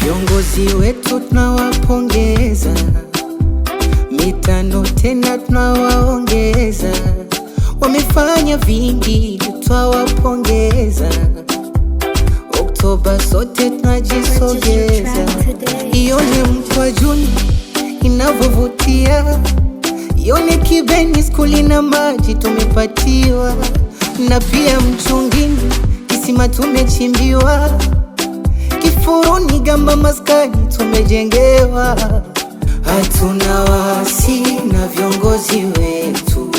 viongozi wetu tunawapongeza, mitano tena tunawaongeza, wamefanya vingi, twawapongeza kupendeza, ione mtwa juni inavyovutia, ione kibeni skuli na maji tumepatiwa, na pia mchungini kisima tumechimbiwa, kifuruni gamba maskani tumejengewa. Hatuna wasi na viongozi wetu,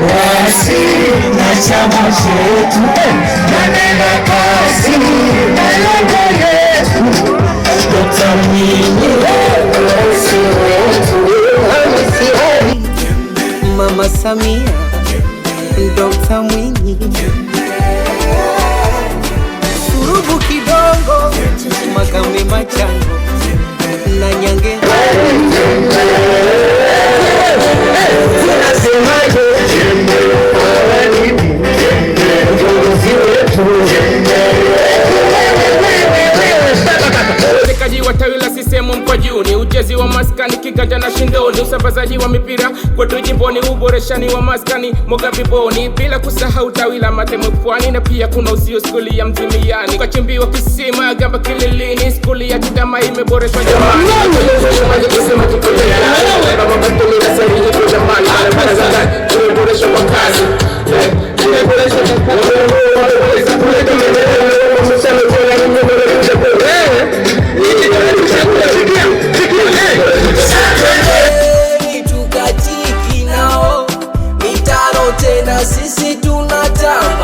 wasi na chama chetu Mama Samia, Dr. Mwinyi maskani kiganja na shindo ni usambazaji wa mipira kwetu jimboni, uboreshani wa maskani moga bila kusahau tawi la Matemo Pwani, na pia kuna uzio skuli ya Mzimiani ukachimbiwa kisima gamba kililini, skuli ya Chidama imeboreshwa jamani down